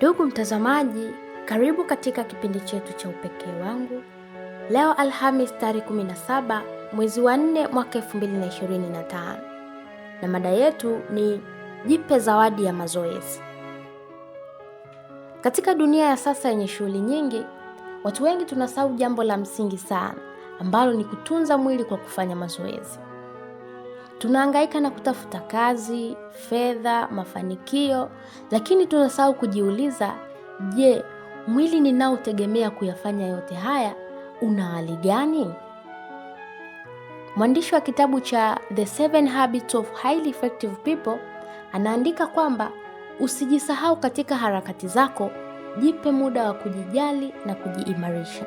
Ndugu mtazamaji, karibu katika kipindi chetu cha Upekee wangu. Leo Alhamis tarehe 17 mwezi wa 4 mwaka 2025, na mada yetu ni jipe zawadi ya mazoezi. Katika dunia ya sasa yenye shughuli nyingi, watu wengi tunasahau jambo la msingi sana ambalo ni kutunza mwili kwa kufanya mazoezi. Tunahangaika na kutafuta kazi, fedha, mafanikio, lakini tunasahau kujiuliza, je, mwili ninaotegemea kuyafanya yote haya una hali gani? Mwandishi wa kitabu cha The Seven Habits of Highly Effective People anaandika kwamba usijisahau katika harakati zako, jipe muda wa kujijali na kujiimarisha.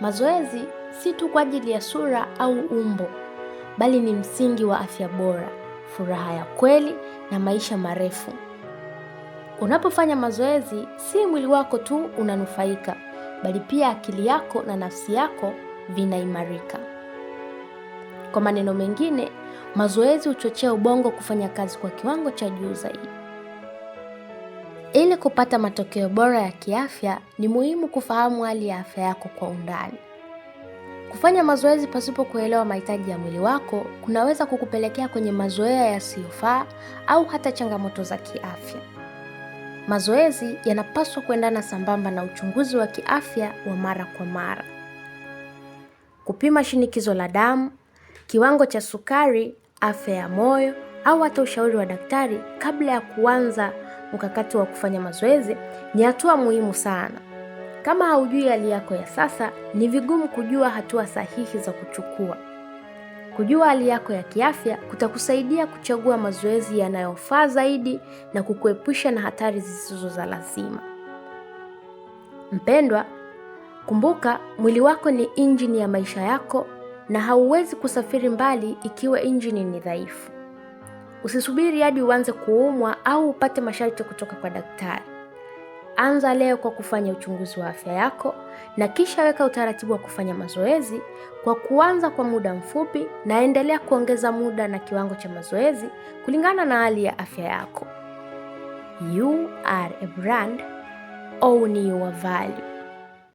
Mazoezi si tu kwa ajili ya sura au umbo bali ni msingi wa afya bora, furaha ya kweli na maisha marefu. Unapofanya mazoezi, si mwili wako tu unanufaika, bali pia akili yako na nafsi yako vinaimarika. Kwa maneno mengine, mazoezi huchochea ubongo kufanya kazi kwa kiwango cha juu zaidi. Ili kupata matokeo bora ya kiafya, ni muhimu kufahamu hali ya afya yako kwa undani. Kufanya mazoezi pasipo kuelewa mahitaji ya mwili wako kunaweza kukupelekea kwenye mazoea yasiyofaa au hata changamoto za kiafya. Mazoezi yanapaswa kuendana sambamba na uchunguzi wa kiafya wa mara kwa mara. Kupima shinikizo la damu, kiwango cha sukari, afya ya moyo au hata ushauri wa daktari kabla ya kuanza mkakati wa kufanya mazoezi ni hatua muhimu sana. Kama haujui hali yako ya sasa, ni vigumu kujua hatua sahihi za kuchukua. Kujua hali yako ya kiafya kutakusaidia kuchagua mazoezi yanayofaa zaidi na kukuepusha na hatari zisizo za lazima. Mpendwa, kumbuka mwili wako ni injini ya maisha yako na hauwezi kusafiri mbali ikiwa injini ni dhaifu. Usisubiri hadi uanze kuumwa au upate masharti kutoka kwa daktari. Anza leo kwa kufanya uchunguzi wa afya yako na kisha weka utaratibu wa kufanya mazoezi kwa kuanza kwa muda mfupi na endelea kuongeza muda na kiwango cha mazoezi kulingana na hali ya afya yako. You are a brand, own your value.